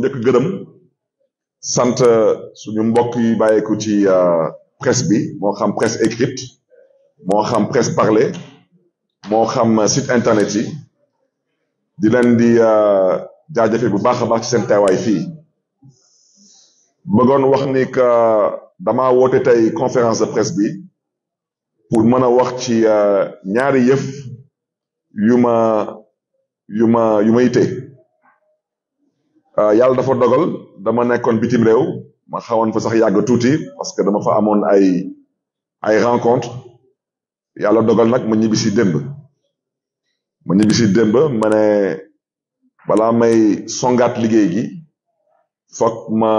njëkk gërëm sant suñu mbokk yi bàyyeeku ci euh, presse bi moo xam presse écrite moo xam presse parlée moo xam euh, site internet yi di leen di euh, jaajëfe bu baax a baax ci seen teewaay fii bëggoon wax ni que dama woote tey conférence de presse bi pour mën a wax ci ñaari yëf yu ma yu ma yu ma yitte Euh, yàlla dafa dogal dama nekkoon bitim réew ma xawoon fa sax yàgg tuuti parce que dama fa amoon ay ay rencontre yàlla dogal nag ma ñibbisi démb ma ñibbisi démb ma ne balaa may songaat liggéey gi ma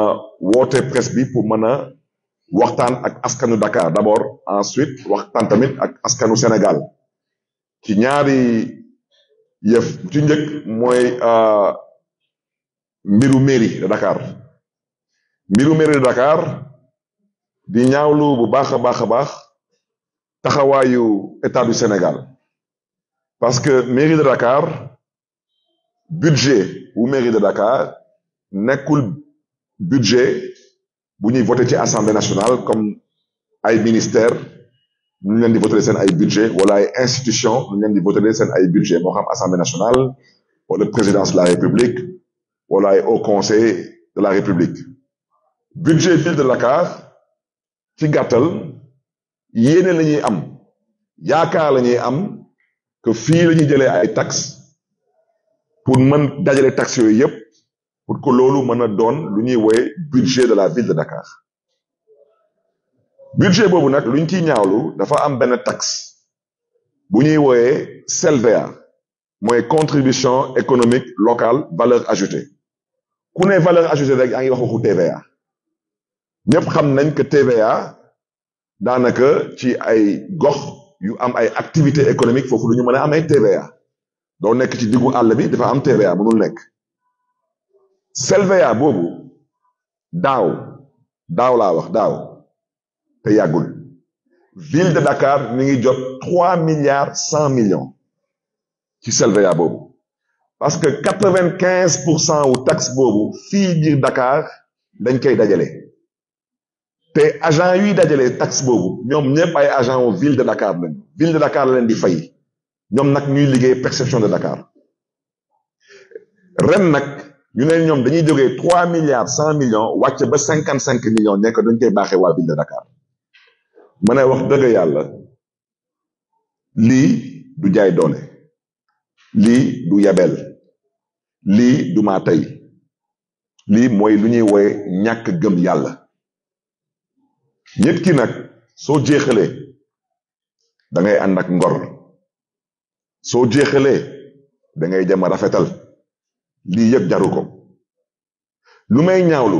woote presse bi pour mën a waxtaan ak askanu Dakar d'abord ensuite waxtaan tamit ak askanu Sénégal ci ñaari yëf ci njëkk mooy. Euh, mbiru mairie de Dakar mbiru mairie de Dakar di ñaawlu bu baax a baax a baax taxawaayu état du Sénégal parce que mairie de Dakar budget wu mairie de Dakar nekkul budget bu ñuy voté ci assemblée nationale comme ay ministère ñu leen di voté seen ay budget wala ay institution ñu leen di voté seen ay budget moo xam assemblée nationale wala présidence de la république voilà, et au Conseil de la République. budget ville de Dakar ci gàttal yéene la ñuy am yaakaar la ñuy am que fii la ñuy jëlee ay tax pour mën dajale tax yooyu yëpp pour que loolu mën a doon lu ñuy woye budget de la ville de Dakar budget boobu nag lu ñu ciy ñaawlu dafa am benn tax bu ñuy woyee CELVA mooy contribution économique locale valeur ajoutée ku ne valeur ajoutée rek yaa ngi wax waxu TVA ñëpp xam nañ que TVA daanaka ci ay gox yu am ay activité économique foofu lu ñu mën am ay TVA doo nekk ci diggu àll bi dafa am TVA mënul nekk selveya boobu daaw daaw laa wax daaw te yàggul ville de Dakar mi ngi jot trois milliards cent millions ci selveya boobu parce que quatre quinze pour cent wu taxe boobu fii biir Dakar dañ koy dajale te agent yuy dajale tax boobu ñoom ñëpp ay agent wu ville de Dakar lañ ville de Dakar la leen di fay ñoom nag ñuy liggéey perception de Dakar ren nag ñu ne ñoom dañuy jógee trois milliards cent millions wàcc ba cinquante cinq millions nekk dañ koy baaxee waa ville de Dakar ma ne wax dëgg yàlla lii du jaay doole lii du yabel lii du tey lii mooy lu ñuy wooye ñàkk gëm yàlla nit ki nag soo jeexalee dangay ngay ànd ngor soo jeexalee dangay ngay a rafetal lii yëpp jaru ko lu may ñaawlu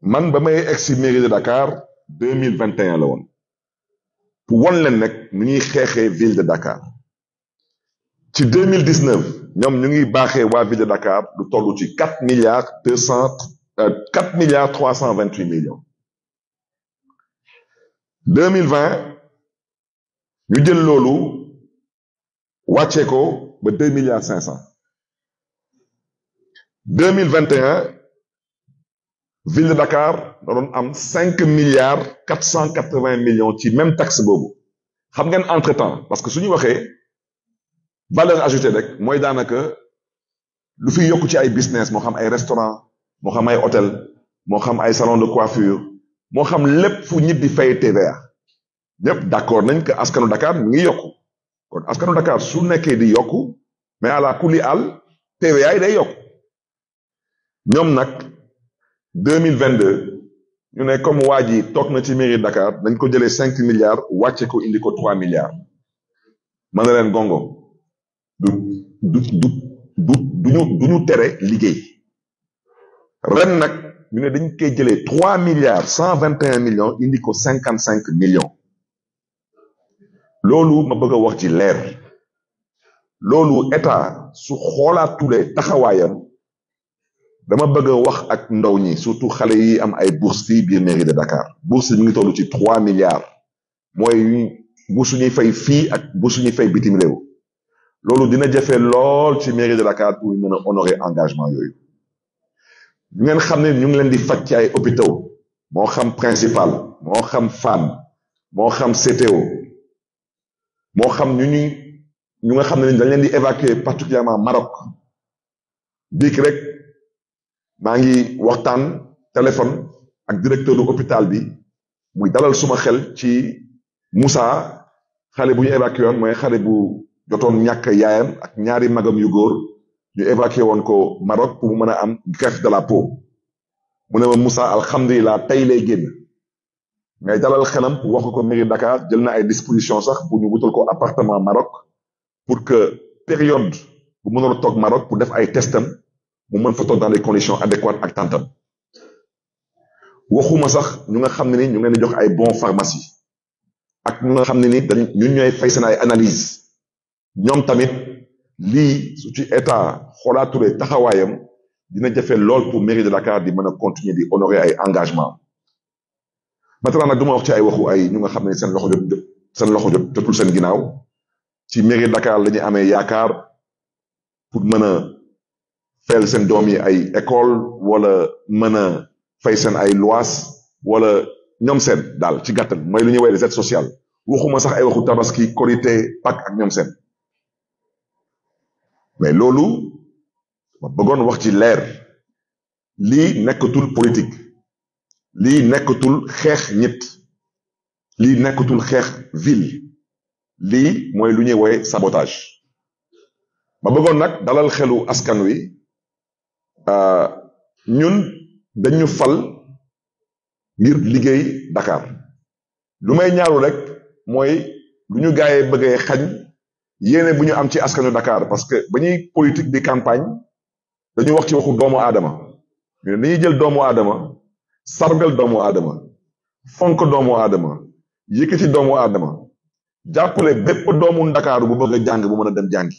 man ba may egsi mairie de Dakar deux mille vingt et un la woon pour won leen nag nu ñuy xeexee ville de Dakar ci deux mille dix ñoom ñu ngi baaxee waa ville de Dakar lu toll ci quatre milliards deux cent euh, quatre milliards trois cent vingt huit millions deux mille vingt ñu jël loolu wàccee ko ba deux milliards cinq cent deux mille vingt et un ville de Dakar da am cinq milliards quatre cent quatre vingt millions ci même taxe boobu xam ngeen entre temps parce que su ñu waxee. valeur ajoutée rek mooy daanaka lu fi yokk ci ay business moo xam ay restaurant moo xam ay hôtel moo xam ay salon de coiffure moo xam lépp fu ñibbi di TVA ñëpp d'accord nañ que askanu Dakar mi ngi yokku kon askanu Dakar su nekkee di yokku mais à la kuli àll TVA yi day yokk ñoom nag deux mille vingt ñu ne comme waa ji toog na ci mairie Dakar dañ ko jëlee cinq milliards wàcce ko indi ko trois milliards ma ne leen gongo du du du duñu tere liggéey ren nag ñu ne dañ koy jëlee trois milliards cent vingt et un millions indi ko cinquante cinq millions loolu ma bëgg a wax ci leer loolu état su xoolaatulee taxawaayam dama bëgg a wax ak ndaw ñi surtout xale yi am ay bourse fii biir mairie de Dakar bourse mi ngi toll ci trois milliards mooy bu suñuy fay fii ak bu suñuy fay bitim réew loolu dina jafe lool ci mairie de Dakar pour mën a honorer engagement yooyu ñu ngeen xam ne ñu ngi leen di faj ci ay hôpitaux moo xam principal moo xam Fann moo xam CTO moo xam ñu ñu ñu nga xam ne dañ leen di évacuer particulièrement Maroc biig rek maa ngi waxtaan téléphone ak directeur du hôpital bi muy dalal suma xel ci mussa xale bu ñu évacué mooy xare bu jotoon ñàkk yaayam ak ñaari magam yu góor ñu évacué woon ko Maroc pour mu mën a am greffe de la peau mu ne ma Moussa alhamdulilah tey lay génn mais dalal xelam pour wax ko mairie Dakar jël na ay disposition sax pour ñu wutal ko appartement Maroc pour que période bu mënoon a toog Maroc pour def ay testam mu mën fa toog dans des conditions adéquates ak tantam waxuma sax ñu nga xam ne ni ñu ngeen di jox ay bon pharmacie ak ñu nga xam ne ni dañ ñun ñooy fay ay analyse ñoom tamit lii su ci état xoolaatulee taxawaayam dina jafe lool pour mairie de Dakar di mën a continuer di honorer ay engagement maintenant nag du ma wax ci ay waxu ay ñu nga xam ne seen loxo jot seen loxo jot jotul seen ginnaaw ci mairie Dakar la ñu amee yaakaar pour mën a fayal seen doom yi ay école wala mën a fay seen ay lois wala ñoom seen daal ci gàttal mooy lu ñuy woowee les aides sociales waxuma sax ay waxu tamaski korité Pâques ak ñoom seen mais loolu ma bëggoon wax ci leer lii nekkatul politique lii nekkatul xeex nit lii nekkatul xeex ville lii mooy lu ñuy wooye sabotage ma bëggoon nag dalal xelu askan wi euh, ñun dañu fal ngir liggéey Dakar lu may ñaaru rek mooy lu ñu gaayee bëggee xañ yéene bu ñu am ci askanu Dakar parce que ba ñuy politique di campagne dañu wax ci waxu doomu aadama ñu ne dañuy jël doomu aadama sargal doomu aadama fonk doomu aadama yëkkati doomu aadama jàppale bépp doomu ndakaaru bu bëgg a jàng bu mën a dem jàngi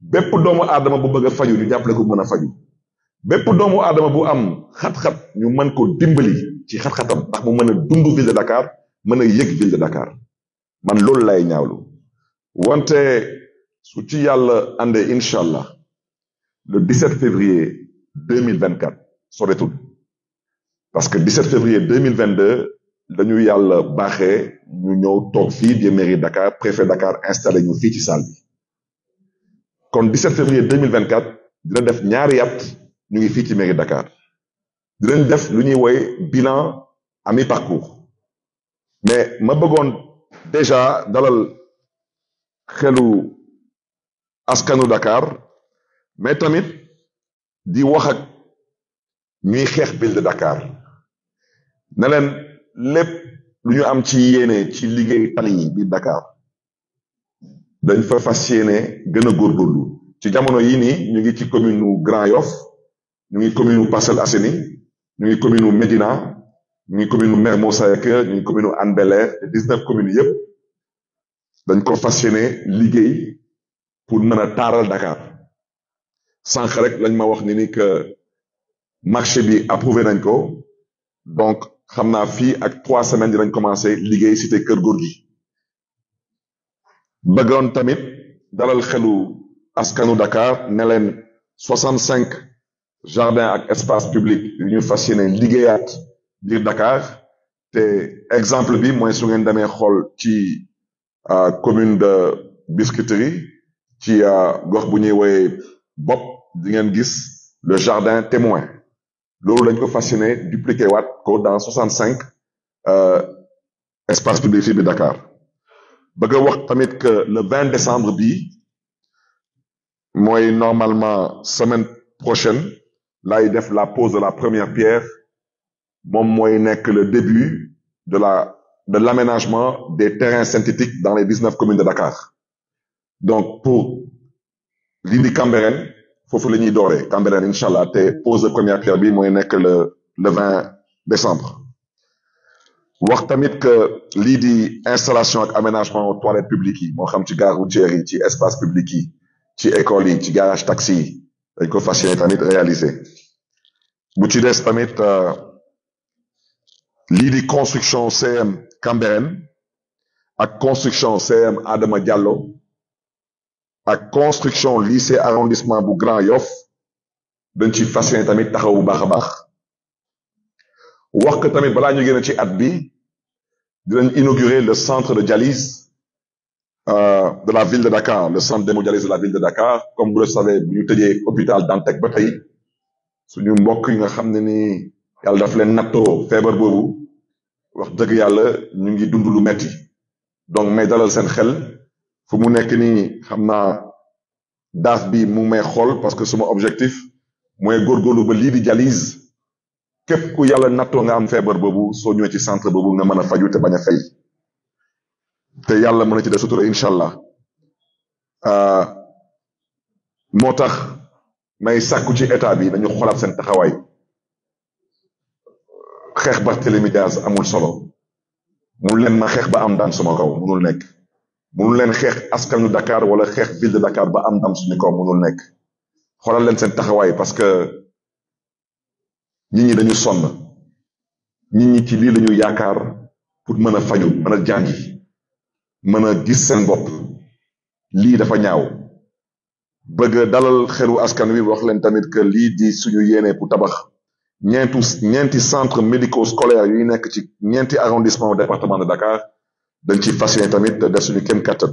bépp doomu aadama bu bëgg a faju ñu jàppale ko bu mën a faju bépp doomu aadama bu am xat-xat ñu mën ko dimbali ci xat-xatam ndax mu mën a dund ville de Dakar mën a yëg ville de Dakar man loolu lay ñaawlu wante su ci yàlla àndee incha allah le 17 février 2024 soretul parce que 17 février 2022 dañu yàlla baaxee ñu ñëw toog fii di mairie Dakar préfet Dakar installé ñu fii ci salle bi kon 17 février 2024 dina def ñaari at ñu ngi fii ci mairie Dakar dinañ def lu ñuy woy bilan à parcours mais ma bëggoon déjà dalal. xelu askanu Dakar mais tamit di wax ak ñuy xeex ville de Dakar ne leen lépp lu ñu am ci yéene ci liggéey tali yi biir Dakar dañ fa fas yéene gën a góorgóorlu ci jamono yi nii ñu ngi ci commune wu Grand Yoff ñu ngi commune u Parcelles Assainies ñu ngi commune wu Médina ñu ngi commune u Mermoz Sacré-Cœur ñu ngi commune u Hann Bel-Air dix-neuf yëpp dañ ko fas liggéey pour mën taaral Dakar sànq rek lañ ma wax ni ni que marché bi approuvé nañ ko donc xam naa fii ak trois semaines dinañ commencé liggéey cité kër góor gi bëggoon tamit dalal xelu askanu Dakar ne leen soixante cinq jardin ak espace public yu ñu fas yéene liggéeyaat biir Dakar te exemple bi mooy su ngeen demee xool ci commune de Biscuiterie ci gox bu ñuy woyee bopp di ngeen gis le jardin témoin loolu lañ ko fasciné dupliqué waat ko dans soixante cinq euh, espace public fii bi Dakar bëgg a wax tamit que le vingt décembre bi mooy normalement semaine prochaine lay def la pose de la première pierre moom mooy nekk le début de la de l'aménagement des terrains synthétiques dans les 19 communes de Dakar. Donc, pour l'Indi Cambérène, foofu la ñuy dooree Cambérène incha allah te pose de première pierre bi mooy nekk le le 20 décembre wax tamit que lii di installation ak aménagement toilettes publiques yi moo xam ci gare routière yi ci espace public yi ci école yi ci garage taxi yi dañ ko fas yéene tamit bu ci des tamit euh, lii di construction CM Cambérène ak construction CM Adama Diallo ak construction lycée arrondissement bu Grand Yoff dañ ci fas tamit taxaw bu baax a baax wax que tamit balaa ñu génn ci at bi dinañ inaugurer le centre de dialyse euh, de la ville de Dakar le centre d'hémodialyse de la ville de Dakar comme vous la savez bu ñu tëjee hôpital Dantec ba tey suñu mbokk yi nga xam ne ni yàlla daf leen nattoo feebar boobu wax dëgg yàlla ñu ngi dund lu metti donc may dalal seen xel fu mu nekk nii xam naa daas bi mu may xool parce que suma objectif mooy góorgóorlu ba lii di dialyse képp ku yàlla nattoo nga am feebar boobu soo ñëwee ci centre boobu nga mën a faju te bañ a fay te yàlla mën na ci def sutura incha allah ah, moo tax may sàkku ci état bi dañu xoolaat seen taxawaay xeex Barthélemy Dias amul solo mënu leen ma xeex ba am daan sama kaw mënul nekk mënu leen xeex askanu Dakar wala xeex ville de Dakar ba am daan suñu kaw mënul nekk xoolal leen seen taxawaay parce que nit ñi dañu sonn nit ñi ci lii lañu yaakaar pour mën a faju mën a jànj mën a gis seen bopp lii dafa ñaaw bëgg dalal xelu askan wi wax leen tamit que lii di suñu yéene bu tabax ñeenti ñeenti centre médico-scolaire yuy nekk ci ñeenti arrondissement département de Dakar dañ ci fas yéene tamit def suñu kéem kattan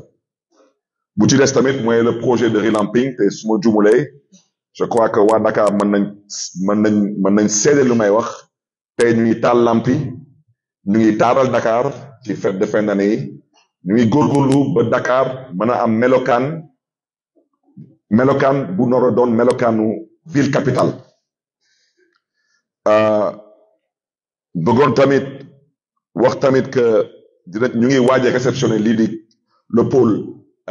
bu ci des tamit mooy le projet de relamping te su ma jumulee je crois que waa Dakar mën nañ mën nañ mën nañ seede lu may wax tey ñu ngi taal lampi ñu ngi taaral Dakar ci fête de fin d'année yi ñu ba Dakar mën a am melokaan melokaan bu noro doon melokaanu ville capitale Euh, bëggoon tamit wax tamit que dina ñu ngi waaj a réceptionné lii di le pôle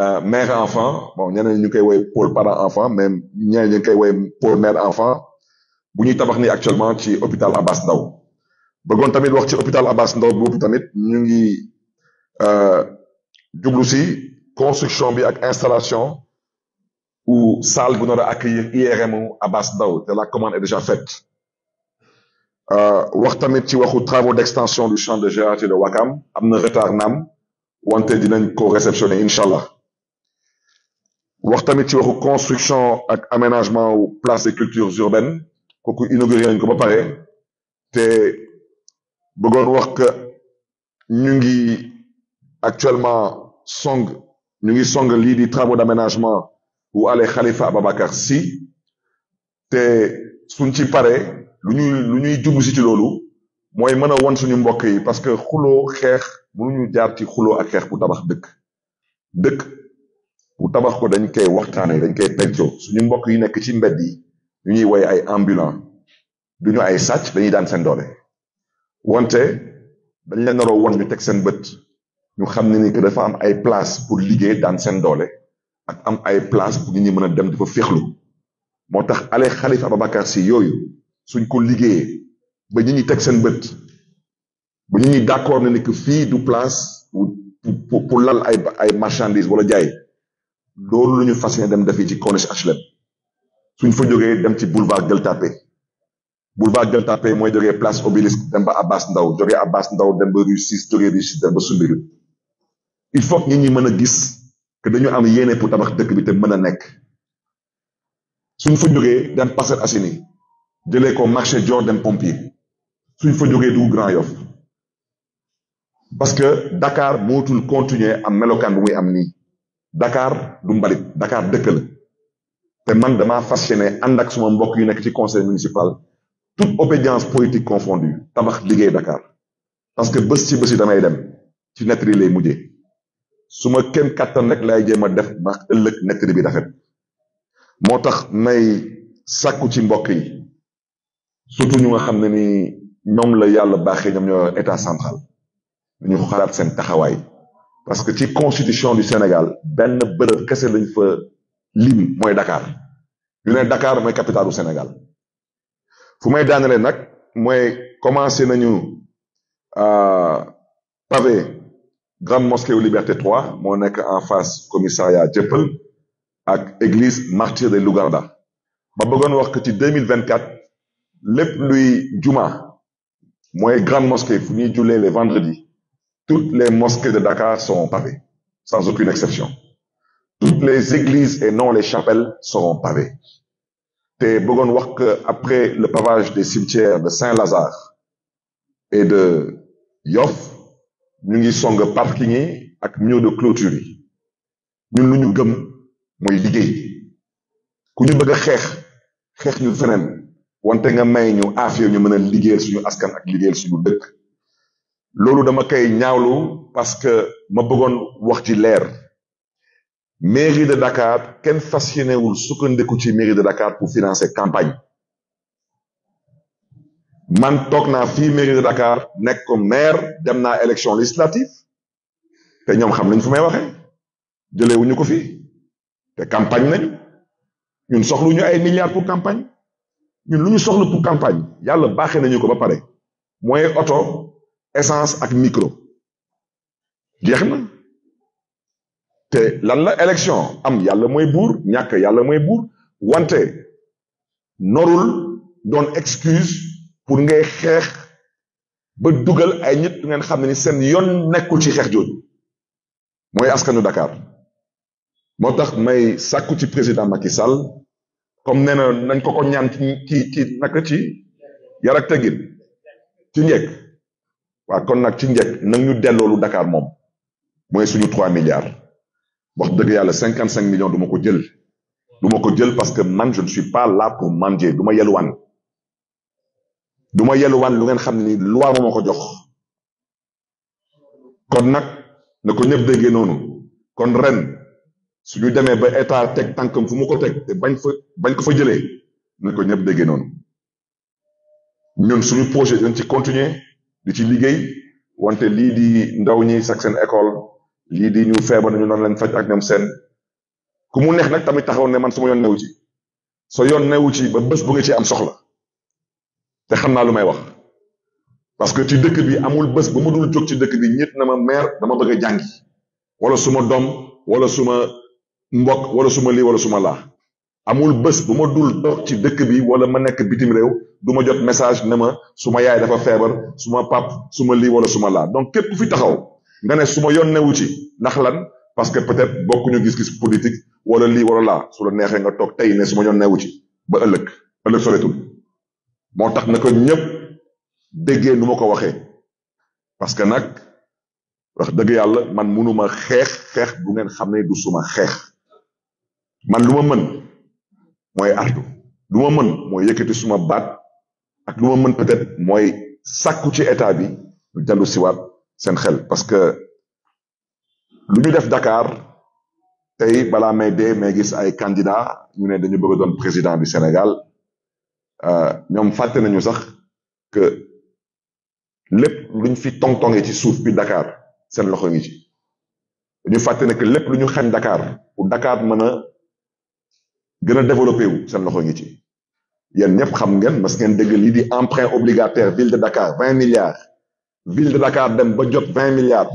euh, mère enfant bon ñeneen ñu koy woy pôle parent enfant mais ñeneen ñu koy woy pôle mère enfant bu ñuy tabax ni actuellement ci hôpital Abass Ndao bëggoon tamit wax ci opital Abass Ndao boobu tamit ñu ngi euh, jublu si construction bi ak installation ou salle bu nar a accueillir IRM Abass Ndao te la commande est déjà faite Euh, wax tamit ci waxu travaux d'extension du champ de GRT de Wakam am na retard naam wante dinañ ko réceptionner incha allah wax tamit ci waxu construction ak aménagement place des cultures urbaines kooku inauguré nañ ko ba pare te bëggoon wax que ñu ngi actuellement song ñu ngi song lii di travaux d'aménagement wu ale Khalifa Ababacar si te suñ ci pare lu ñuy lu ñuy jublu si ci loolu mooy mën a won suñu mbokk yi parce que xuloo xeex ñu jaar ci xuloo ak xeex bu tabax dëkk dëkk bu tabax ko dañ koy waxtaanee dañ koy pencoo suñu mbokk yi nekk ci mbedd yi ñu ñuy woy ay ambulant duñu ay sàcc dañuy daan seen doole wante dañ la naroo won ñu teg seen bët ñu xam ne ni que dafa am ay place pour liggéey daan seen doole ak am ay place pour ñu ñi mën a dem di fa féexlu moo tax ale Khalifa Ababacar Sy yooyu suñ ko liggéeyee ba ñu ñuy teg seen bët ba ñu ñuy d'accord na ni que fii du place pour pour lal ay ay marchandises wala jaay loolu la ñu fas yéene dem defi ci collège HLM suñ fa jógee dem ci boulevard Gueule Tapée boulevard Gueule Tapée mooy jógee place Obélisque dem ba Abass Ndao jógee Abass Ndao dem ba Rue 6 jógee Rue 6 dem ba Soumbédioune il faut ñu ñi mën a gis que dañu am yéene pour tabax dëkk bi te mën a nekk suñ fa jógee dem Parcelles Assainies jëlee ko marché Dior dem pompier suñ fa jógee dugg Grand Yoff parce que Dakar mootul continuer am melokaan bu muy am nii dakaar du mbalit Dakar dëkk la te man dama fasciné ànd ak suma mbokk yu nekk ci conseil municipal toute obédience politique confondue tabax liggéey dakaar parce que bés ci bés yi damay dem ci nettali lay mujjee suma kenn kattan rek lay jéem a def ba ëllëg nettali bi rafet moo tax may sàkku ci mbokk yi surtout ñu nga xam ne ni ñoom la yàlla baaxee ñoom ñoo état central ñu xalaat seen taxawaay parce que ci constitution du Sénégal benn bërëb kese lañ fa lim mooy dakaar ñu ne Dakar mooy capitale du Sénégal fu may daanelee nag mooy commencé nañu euh, pavé grande mosquée wu Liberté 3 moo nekk en face commissariat Dieuppeul ak église martyrs de Lougarda ma bëggoon wax que ci 2024 lépp luy juma mooy grande mosquée fu ñuy jullee les vendredis toutes les mosquées de Dakar seront pavées sans aucune exception toutes les églises et non les chapelles seront pavées te bëggoon wax que après le pavage des cimetières de Saint-Lazare et de Yoff ñu ngi song parking ak mur de clôture yi ñun lu ñu gëm mooy liggéey ku ñu bëgg a xeex xeex feneen wante nga may ñu aafiya ñu mën a liggéeyal suñu askan ak liggéeyal suñu dëkk loolu dama koy ñaawlu parce que ma bëggoon wax ci leer mairie de Dakar kenn fasciné wul sukkandiku ci mairie de Dakar pour financer campagne man toog naa fii mairie de Dakar nekk comme maire dem naa élection législative te ñoom xam nañ fu may waxe jëlewuñu ko fi te campagne nañ ñun soxluñu ay milliards pour campagne. ñun lu ñu soxla pour campagne yàlla baaxe nañu ko ba pare mooy oto essence ak micro jeex na te lan la élection am yàlla mooy buur ñàkk yàlla mooy buur wante norul doon excuse pour ngay xeex ba dugal ay nit ngeen xam ne ni seen yoon nekkul ci xeex jooju mooy askanu Dakar moo tax may sàkku ci président Macky Sall comme nee na nañ ko ko ñaan ci ci ci naka ci yar ak teggin ci njëkk waaw kon nag ci njëkk nag ñu delloolu Dakar moom mooy suñu trois milliards wax dëgg yàlla cinquante cinq million duma ko jël du ma ko jël parce que man je ne suis pas là manger du ma yeluwaan du ma lu ngeen xam ni loi moo ma ko jox kon nag na ko ñëpp déggee noonu kon ren su ñu demee ba état teg tànkam fu mu ko teg te bañ fa bañ ko fa jëlee nañ ko ñëpp déggee noonu ñun suñu projet dañ ci continuer di ci liggéey wante lii di ndaw ñi sax seen école lii di ñu feebar nañu noonu lañ faj ak ñoom seen ku mu neex nag tamit taxaw ne man suma yoon newu ci so yoon newu ci ba bës bu nga ci am soxla te xam naa lu may wax parce que ci dëkk bi amul bës ba ma dul jóg ci dëkk bi ñett na ma meer dama bëgg a jàngi wala suma doom wala suma mbokk wala suma lii wala suma laa amul bés bu ma dul toog ci dëkk bi wala ma nekk bitim réew du ma jot message ne ma suma yaay dafa feebar suma pap suma lii wala suma laa donc képp ku fi taxaw nga suma yoon newu ci ndax lan parce que peut-être bokkuñu gis-gis wala lii wala laa su la neexee nga toog tey ne suma yoon newu ci ba ëllëg ëllëg soretul moo tax na ko ñëpp déggee nu ma ko waxee parce que nag wax dëgg yàlla man mënuma xeex xeex bu ngeen xam ne du suma xeex man lu ma mën mooy artu lu ma mën mooy yëkkati suma baat ak lu ma mën peut-être mooy sàkku ci état bi ñu dellu siwaat seen xel parce que lu ñu def dakaar tey balaa may dee may gis ay candidat ñu ne dañu bëgg doon président du Sénégal euh, ñoom fàtte nañu sax que lépp luñ fi tong-tongee ci suuf bi dakaar seen loxo ngi ci dañu fàtte ne que lépp lu ñu xañ dakaar pour Dakar mën gën a développé wu seen loxo ngi ci yéen ñëpp xam ngeen parce ngeen dégg lii di emprunt obligataire ville de Dakar vingt milliards ville de Dakar dem ba jot vingt milliards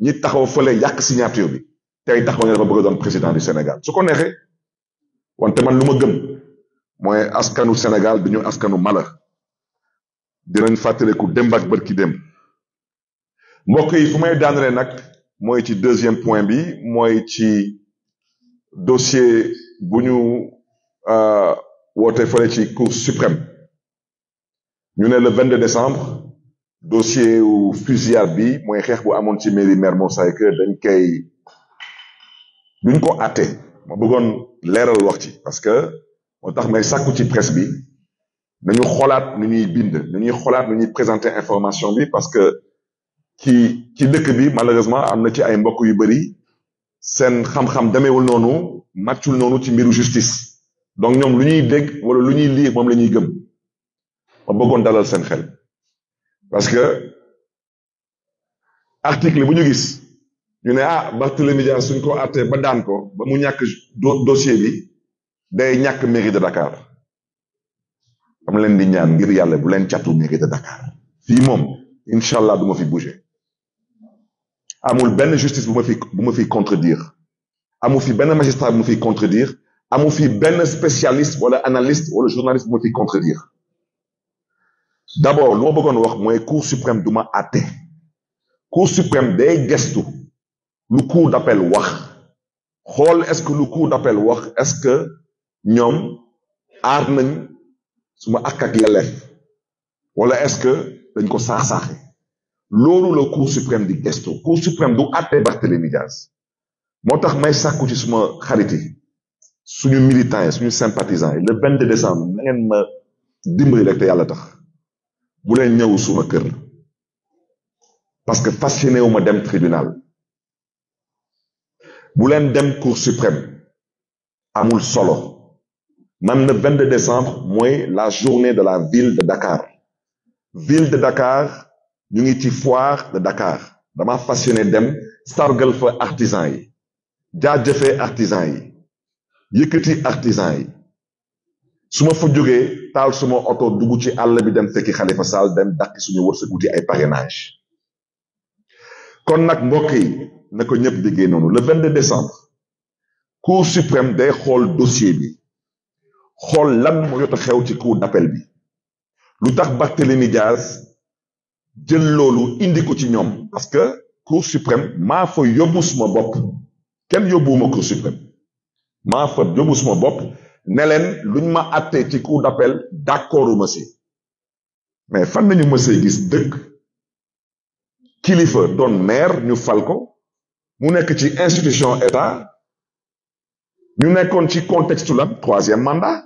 ñi taxaw fële yàq signature bi tey taxaw ne dafa bëgg a doon président du Sénégal su ko neexee wante man lu ma gëm mooy askanu Sénégal du ñu askanu mala dinañ fàttaliku démb ak bërki dem mbokk yi fu may daanalee nag mooy ci deuxième point bi mooy ci dossier bu ñu euh, woote fële ci cour suprême ñu ne le 22 décembre dossier wu fusillade bi mooy xeex bu amoon ci mairie Mermoz Sacré-Cœur dañ kay duñ ko àtte ma bëggoon leeral wax ci parce que moo tax may sàkku ci presse bi nañu xoolaat nu ñuy bind nu ñuy xoolaat nu ñuy présenter information bi parce que ci ci dëkk bi malheureusement am na ci ay mbokk yu bëri seen xam-xam demeewul noonu màccul noonu ci mbiru justice donc ñoom lu ñuy dégg wala lu ñuy lii moom la ñuy gëm ma bëggoon dalal seen xel parce que article bu ñu gis ñu ne ah Barthélémy Dias suñ ko àttee ba daan ko ba mu ñàkk dossier bi day ñàkk mairie de Dakar am leen di ñaan ngir yàlla bu leen catu mairie de Dakar fii moom incha allah du fi bouger amul benn justice bu ma fi bu ma fi contredire amu fi benn magistrat mu fi contredire amu fi benn spécialiste wala analyste wala journaliste bu mu fiy contredire d' abord lu ma bëggoon wax mooy cour suprême du ma àtte cour suprême day gestu lu cour d' appel wax xool est ce que lu cour d' wax est ce que ñoom aar nañ suma àq ak yelleef wala est ce que dañ ko saax-saaxe loolu la cour suprême di gestu cour suprême du àtte Barthélémy moo tax may sàkku ci suma xarit yi suñu militants yi suñu sympathisants yi le 22 décembre na ngeen ma dimbali rek te yàlla tax bu leen ñëw suma kër parce que fasciné wu ma dem tribunal bu leen dem cour suprême amul solo man le de décembre mooy la journée de la ville de Dakar ville de Dakar ñu ngi ci foire de Dakar dama fasciné dem sargal fa artisan yi jaajëfee artisan yi yëkkati artisan yi su ma fa jógee taal suma oto dugg ci àll bi dem fekki Khalifa Sall dem dàqi suñu wërsëg wuti ay parrainage kon nag mbokk yi na ko ñëpp déggee noonu le 22 décembre cour suprême day xool dossier bi xool lan moo jot xew ci cour d'appel bi lu tax Barthélémy Dias jël loolu indi ko ci ñoom parce que cour suprême maa fa yóbbu suma bopp kenn yóbbuwuma cour suprême maa fa yóbbu suma bopp ne leen luñ ma àttee ci cour d'appel d'accorduma si mais fan nañu mësee gis dëkk kilifa doon maire ñu fal ko mu nekk ci institution état ñu nekkoon ci contextu la troisième mandat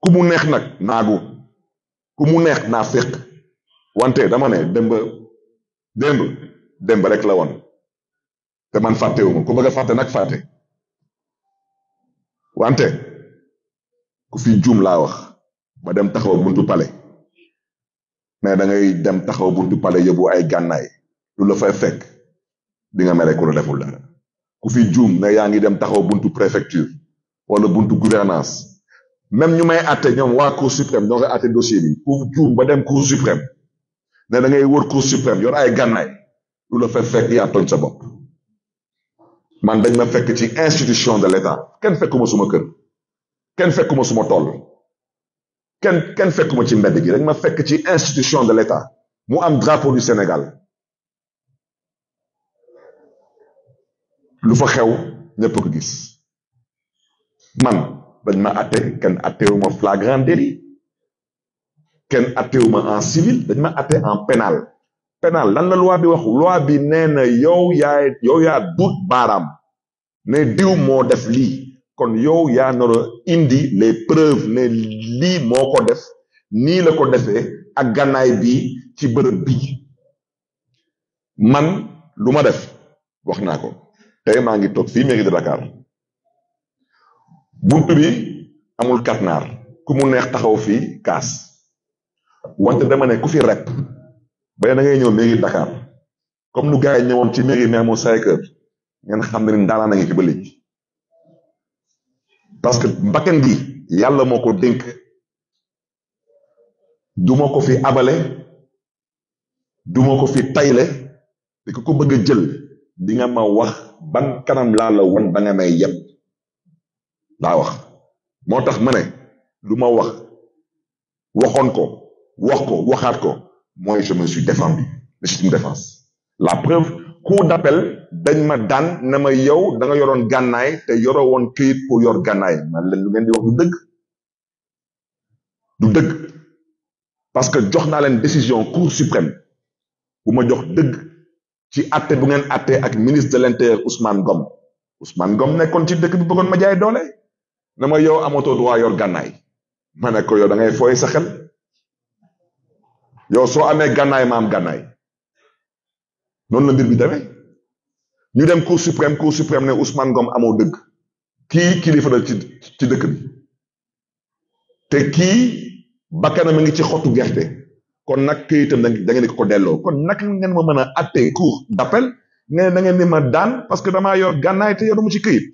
ku mu neex nag naagu ku mu neex naa féq wante dama ne démb démb démb rek la woon te man fàttewuma ku bëgg a fàtte nag fàtte wante ku fi juum laa wax ba dem taxaw buntu pale mais da ngay dem taxaw buntu pale yóbbu ay gànnaay lu la fay fekk di nga mere ku la deful dara ku fi juum ne yaa ngi dem taxaw buntu préfecture wala buntu gouvernance même ñu may àtte ñoom waa cour suprême ñoo koy àtte dossier bi ku juum ba dem cour suprême ne da ngay wër cour suprême yor ay gànnaay lu la fay fekk yaa tooñ sa bopp man dañ ma fekk ci institution de l'État kenn fekkuma suma kër kenn fekkuma suma tool kenn kenn fekkuma ci mbedd gi dañ ma fekk ci institution de l'État mu am drapeau du Sénégal lu fa xew ñëpp ko gis man dañ ma atte kenn attewuma flagrant délit kenn attewuma en civil dañ ma atte en penal pénal lan la loi bi wax loi bi nee na yow yaa yow yaa duut baaraam ne diw moo def lii kon yow yaa noro indi les preuves ne lii moo ko def nii la ko defee ak gannaay bi ci bërëb bi man lu ma def wax naa ko tey maa ngi toog fii mairie de Dakar bunt bi amul katnaar ku mu neex taxaw fii kaas wante dama ne ku fi rep ba ne da ngay ñëw mairie Dakar comme nu gars yi ñëwoon ci mairie Mermoz Sacré-Cœur ngeen xam ne ni ndaanaan a ngi ci ba léegi parce que bakkan gi yàlla moo ko dénk du ma ko fi abale duma ko fi tayle di ko ko bëgg a jël di nga ma wax ban kanam laa la won ba nga may yeb laa wax moo tax ma ne ma wax waxoon ko wax ko waxaat ko mooy je me suis défendu la preuve cour d'appel dañ ma daan na ma yow da yoroon gànnaay te yoroo woon këyit pour yor gànnaay man leen lu ngeen di wax du dëgg du dëgg parce que jox naa leen décision cour suprême bu ma jox dëgg ci atte bu ngeen atte ak ministre de l'intérieur Ousmane Ngom Ousmane Ngom nekkoon ci dëkk bi bëggoon ma jaay doole na ma yow amatoo waa yor gànnaay ma ne ko yow da ngay sa xel yow soo amee gànnaay ma am gànnaay noonu la mbir bi demee ñu dem cour suprême cour suprême ne Ousmane Ngom amoo dëgg kii kilifa la ci ci dëkk bi te kii bakkana mi ngi ci xottu gerte kon nag këyitam da ngeen ko delloo kon nag ngeen ma mën a atte cour d'appel ne da ngeen di ma daan parce que damaa yor gànnaay te yoruma ci këyit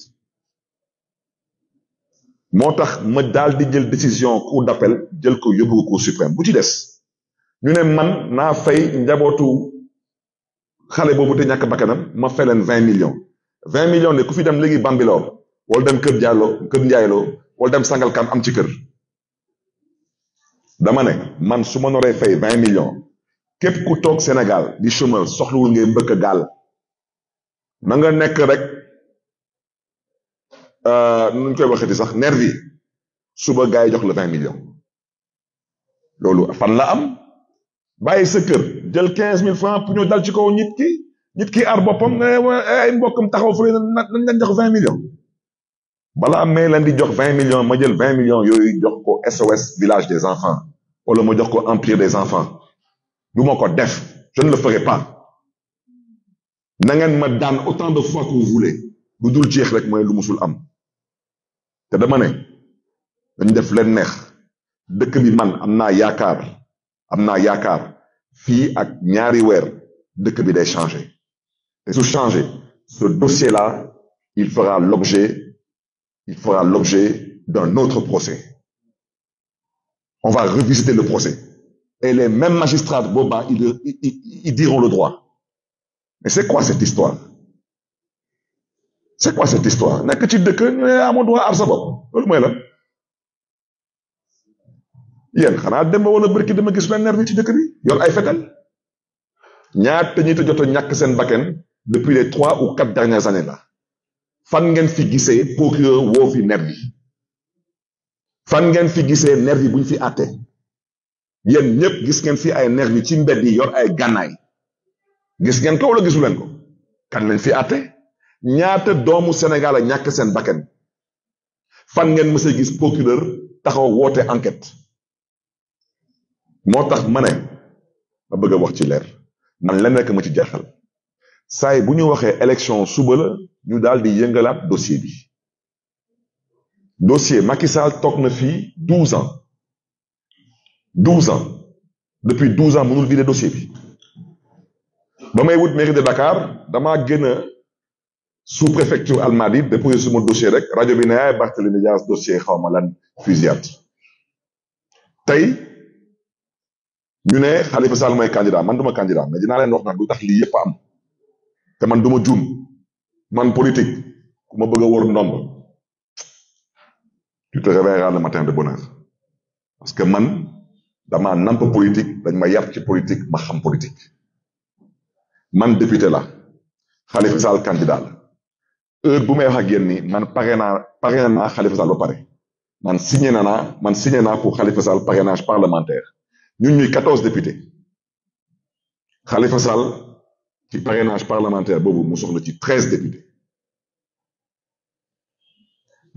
moo tax ma daal di jël décision cour d'appel jël ko yóbbu ko cour suprême bu ci des. ñu ne man naa fay njabootu xale boobu te ñàkk bakkanam ma fay leen vingt millions vingt millions ne ku fi dem léegi Bambilor wala dem Kër Diallo Kër Ndiaylo wala dem kam am ci kër dama ne man su ma noree fay vingt millions képp ku toog Sénégal di chômeur soxlawul ngay mbëkk gaal na nga nekk rek euh, nuñ koy waxeeti sax nervi suba gars yi jox la vingt millions loolu fan la am. bàyyi sa jël quinze mille francs pour ñu dal ci kaw nit ki nit ki ar boppam ne eh, ay mbokkam taxaw fële na nañ leen jox vingt millions balaa may leen di jox vingt millions ma jël vingt millions yooyu jox ko SOS village des enfants wala ma jox ko empire des enfants du ma ko def je la le ferai pas na ngeen ma daan autant de fois que vous voulez lu dul jeex rek mooy lu musul am te dama ne dañ def leen neex dëkk bi man am naa yaakaar am naa yaakaar fii ak ñaari weer dëkk bi day changer te su changer ce dossier là il fera l'objet il fera l'objet d'un autre procès on va revisiter le procès et les mêmes magistrats boobaa ils ils diront le droit mais c'est quoi cette histoire c'est quoi cette histoire nekk ci dëkk ñu amoo droit aar sa bopp loolu mooy yéen xanaa dem ba wala bërki dama gis lenn nervi ci dëkk bi yor ay fetal ñaata ñi te jot a ñàkk seen bakken depuis les trois ou quatre dernières années là fan ngeen fi gisee procureur woo fi nervi fan ngeen fi gisee nervi buñ fi àtte yéen ñëpp gis ngeen fi ay nervi ci mbedd yi yor ay gànnaay gis ngeen ko wala gisu leen ko kan lañ fi àtte ñaata doomu Sénégal ñàkk seen bakken fan ngeen mës a gis procureur taxaw woote enquête moo tax ma ne ma bëgg a wax ci leer ma lenn rek ma ci jaaxal saay bu ñu waxee élection suba la ñu daal di yëngalaat dossier bi dossier Macky Sall toog na fi douze ans douze ans depuis douze ans mënul vider dossier bi ba may wut mairie de Dakar damaa génn sous préfecture Almadies déposé suma dossier rek rajo bi ne yaay Barthélémy Dias xaw ma lan fusillade tey ñu ne Khalifa Sall mooy candidat man du ma candidat mais dinaa leen wax nag lu tax lii yëpp am te man du ma juum man politique ku ma bëgg a wóor te réveilleras le matin de bonne heure parce que man dama namp politique dañ ma yar ci politique ma xam politique man député la Khalifa Sall candidat heure bu may wax ak yéen nii man pare naa pare naa Khalifa Sall ba pare man signé na na man signé naa pour Khalifa Sall parrainage parlementaire ñu ñuy quatorze députés Khalifa ci parrainage parlementaire boobu mu soxla ci treize députés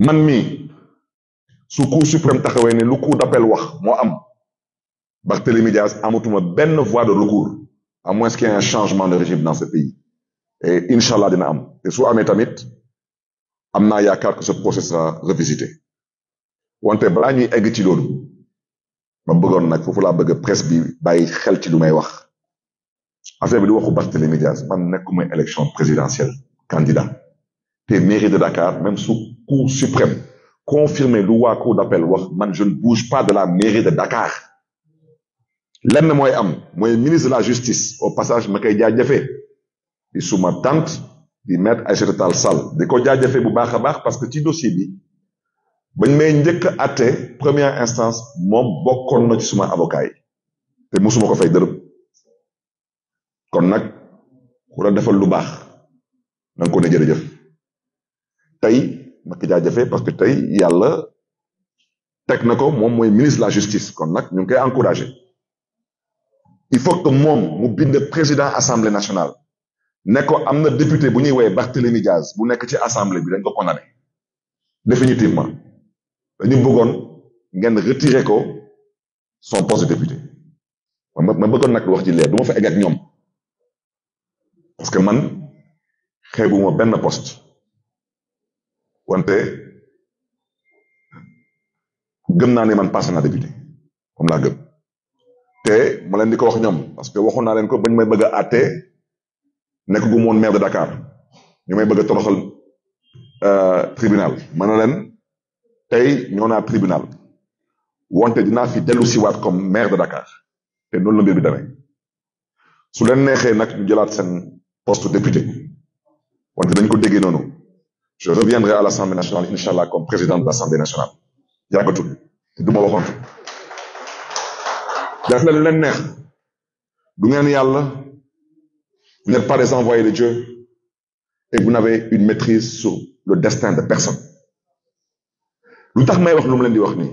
man mii su cour suprême taxawee ne lu cour d'appel wax moo am Barthélémy Dias amatuma benn voie de recours à moins qu'il un changement de régime dans ce pays et incha dina am te su amee tamit am naa yaakaar que ce procès revisité wante balaa ñuy egg ci loolu. ma bëggoon nag foofu laa bëgg a presse bi bàyyi xel ci lu may wax affaire bi du waxu Barthélémy Dias man nekkuma élection présidentielle candidat te mairie de Dakar même su cour suprême confirmé lu waa cour d'appel wax man je ne bouge pas de la mairie de Dakar lenn mooy am mooy ministre de la justice o passage ma koy jaajëfee di suma tante di maître Aïssata Tall Sall di ko jaajëfee bu baax a baax parce que ci dossier bi bañ may njëkk a àtte première instance moom bokkoon na ci suma abokaay te musuma ko fay dërëm kon nag ku defal lu baax na nga ko ne jërëjëf tey ma ki jaajëfee parce que tey yàlla teg na ko moom mooy ministre de la justice kon nag ñu ngi koy encouragé il faut que moom mu bind président assemblée nationale nekkoo am na député bu ñuy woowee Barthélémy Diaz bu nekk ci assemblée bi dañ ko condamné définitivement dañu bëggoon ngeen retirer ko son poste de député ma ma bëggoon nag wax ci leer du ma fa egg ñoom parce que man xeebuma benn post wante gëm naa ne man passé naa député comme laa gëm te ma leen di ko wax ñoom parce que waxoon naa leen ko bañ may bëgg a àtte nekk gu moon maire de Dakar ñu may bëgg toroxal euh, tribunal ma leen tey ñoo naa tribunal wante dinaa fi dellu comme maire de Dakar te noonu la mbir su leen neexee nag ñu jëlaat seen poste député wante dañ ko déggee noonu je reviendrai à l'Assemblée nationale incha allah comme président de l'Assemblée nationale yàggatul te du ma waxoon def leen leen neex du ngeen yàlla vous n'êtes pas des envoyés de Dieu et vous n'avez une maîtrise sur le destin de personne lu tax may wax lu mu leen di wax nii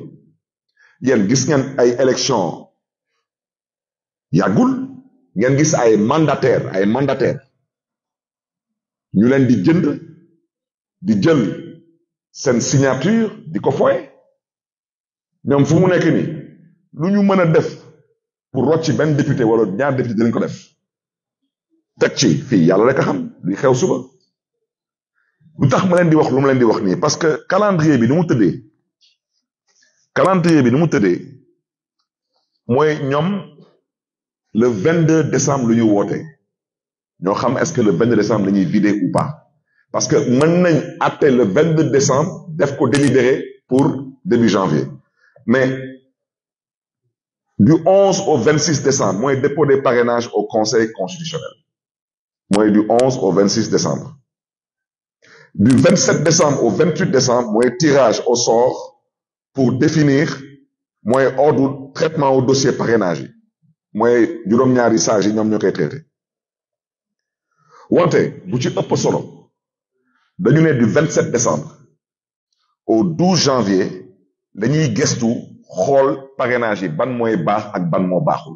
yéen gis ngeen ay élection yàggul ngeen gis ay mandataire ay mandataire ñu leen di jënd di jël seen signature di ko foye ñoom fu mu nekk nii lu ñu mën a def pour rocci benn député wala ñaar député dinañ ko def teg ci fii yàlla rek a xam luy xew suba lu tax ma leen di wax lu mu leen di wax nii parce que calendrier bi ni mu tëddee calendrier bi ni mu tëddee mooy ñoom le 22 décembre lu ñu woote ñoo xam est-ce que le 22 la ñuy vider ou pas parce que mën nañ àtte le 22 décembre def ko délibéré pour début janvier mais du 11 au 26 décembre mooy dépôt des parrainages au conseil constitutionnel mooy du 11 au 26 décembre du 27 décembre au 28 décembre mooy tirage au sort pour définir mooy ordre traitement au dossier parrainage yi mooy juróom-ñaari sages yi ñoom ñoo koy traité wante bu ci ëpp solo dañu ne du 27 décembre au 12 janvier dañuy gëstu xool parrainage yi ban mooy baax ak ban moo baaxul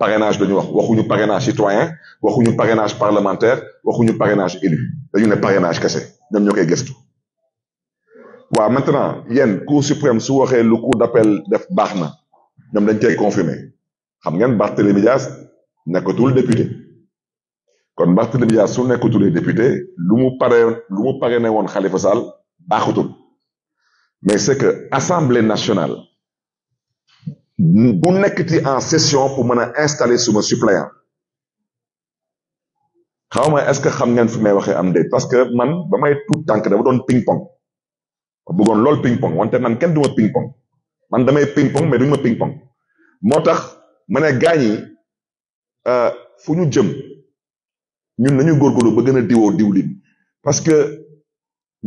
parrainage dañu wax waxuñu parrainage citoyen waxuñu parrainage parlementaire waxuñu parrainage élu dañu ne parrainage kese ñoom ñoo koy gëstu waaw maintenant yenn cour suprême su waxee lu cour d'appel def baax na ñoom dañ cee confirmé xam ngeen Barthélémy Dias nekkatul député kon Barthélémy Dias su nekkatulee député lu mu pare lu mu pare ne woon Khalifa Sall baaxutul mais c'est que assemblée nationale bu nekkati en session pour mën a installer suma suppléant xaw ma est-ce que xam ngeen fi may waxee am déet parce que man ba may tuut tànk dafa doon ping-pong bëggoon lool ping pong wante man kenn du ma ping pong man damay ping pong mais du ma ping pong moo tax ma ne gaañ yi euh, fu ñu jëm ñun nañu góorgóorlu ba gën a diwoo diwlin parce que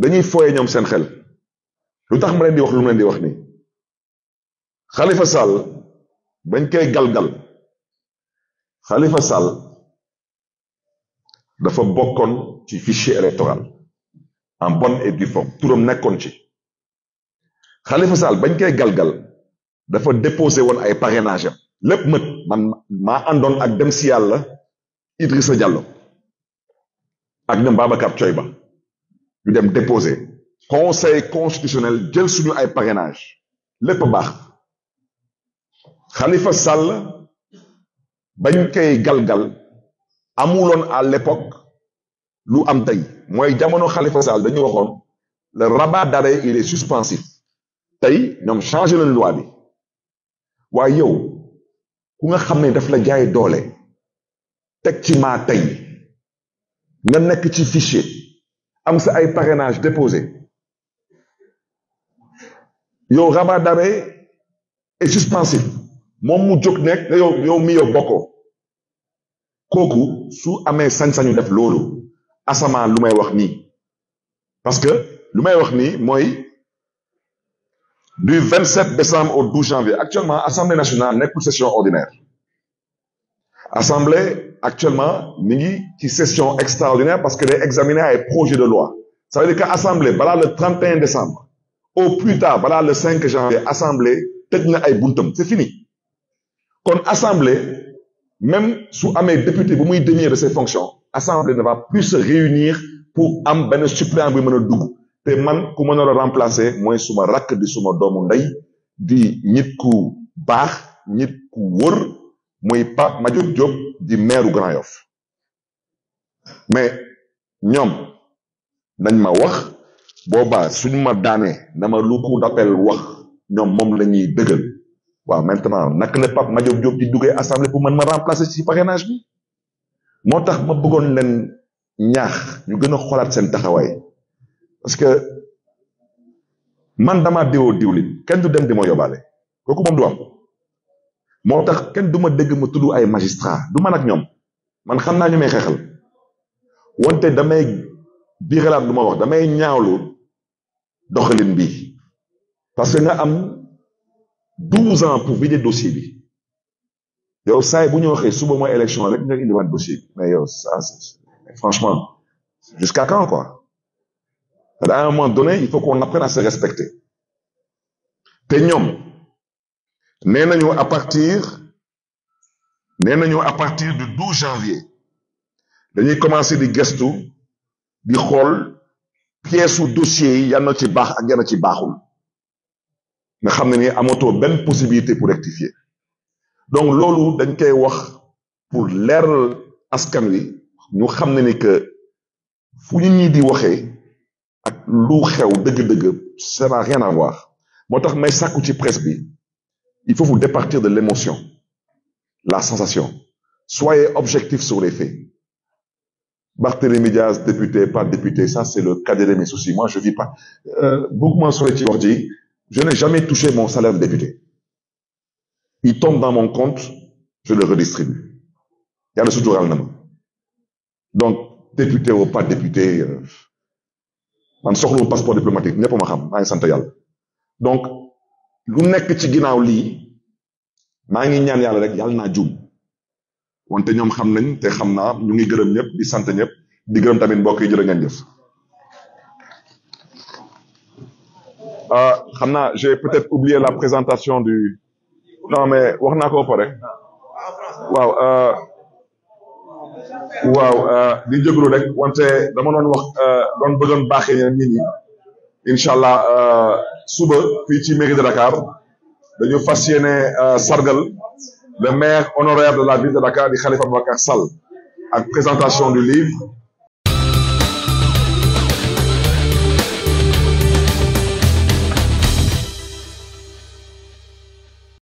dañuy fooye ñoom seen xel lu tax ma leen di wax lu ma leen di wax nii Khalifa Sall bañ koy galgal Khalifa Sall dafa bokkoon ci fichier électoral en bonne et due forme turam nekkoon ci Khalifa Sall bañ koy galgal dafa déposé woon ay parrainage am lépp mët man maa àndoon ak dem si yàlla Idrissa Diallo ak ñoom Babacar Coy ba ñu dem déposé conseil constitutionnel jël suñu ay parrainage lépp baax xalifa Sall bañ kay galgal amuloon à l'époque lu am tey mooy jamono xalifa Sall dañu waxoon le rabat d'arrêt il est suspensif tey ñoom changé nañu loi bi waaye yow ku nga xam ne daf la jaay doole teg ci maa tey nga nekk ci fichier am sa ay parrainage déposé yow rabat d'arrêt est suspensif moom mu jóg nekk nga yow yow mi yow bokkoo kooku su amee sañ-sañu def loolu asamaan lu may wax nii parce lu may wax nii mooy du 27 décembre au 12 janvier actuellement assemblée nationale nekkul session ordinaire assemblée actuellement mi ngi ci session extraordinaire parce que day examiner ay projet de loi ça veut dire que assemblée balaa le 31 décembre au plus tard balaa le 5 janvier assemblée tëj na ay buntam c'est fini kon assemblée même su amee député bu muy démis de ses fonctions assemblée ne va plus se pour am benn suppléant bu mën a dugg man ku ma nar a remplacer mooy suma rakk di suma doomu ndey di nit ku baax nit ku wóor muy Pape Madiop Diop di maire Grand Yoff mais ñoom nañ ma wax boobaa suñ ma daanee na ma lu coup d'appel wax ñoom moom la ñuy dëggal waaw maintenant naka la Pape Madiop Diop di duggee assemblée pour man ma remplacer si parrainage bi moo tax ma bëggoon leen ñaax ñu gën a xoolaat seen taxawaay parce que man dama diwoo diwlin kenn du dem di ma yóbbaale kooku moom du am moo tax kenn duma ma dégg ma tudd ay magistrat du man ak ñoom man xam naa ñu may xeexal wante damay biiralaat lu ma wax damay ñaawlu doxalin bi parce que nga am douze ans pour vider dossier bi yow saa yi bu ñu waxee suba mooy élection rek nga indiwaat dossier bi mais yow ça franchement jusqu'à quand quoi à un moment donné il faut qu'on apprenne à se respecter te ñoom nee nañu à partir nee nañu à partir du 12 janvier dañuy commencer di gëstu di xool pièce su dossier yi yan na ci baax ak yan na ci baaxul nga xam na ni amatoo benn possibilité pour rectifier donc loolu dañ koy wax pour leeral askan wi ñu xam na ni que fu ñu ñi di waxee lu xew dëgg-dëgg ça n'a rien à voir moo tax may sàkku ci il faut vous départir de l'émotion la sensation soyez objectif sur les faits Barthélémy Diaz député pas député ça c'est le cadet de mes soucis moi je vis pas euh, beaucoup moins sore ci wax ji je n'ai jamais touché mon salaire de député il tombe dans mon compte je le redistribue yàlla suturaal na ma donc député ou pas député euh, man soxlu passeport diplomatique ñëpp ma xam maa ngi sant yàlla donc lu nekk ci ginnaaw lii maa ngi ñaan yàlla rek yàlla naa juum wante ñoom xam nañ te xam naa ñu ngi gërëm ñëpp di sant ñëpp di gërëm tamit mbokk yi jërë ngeen jëf ah, xam naa j'ai peut-être oublié la présentation du non wax naa ko pare waaw ah, waaw euh, di jéglu rek wante dama doon wax euh, doon bëggoon baaxee ñeneen nit ñi incha allah euh, suba fii ci mairie de Dakar dañu fas yéene sargal le maire honoraire de la ville de Dakar di Khalifa Ababacar Sall ak présentation du livre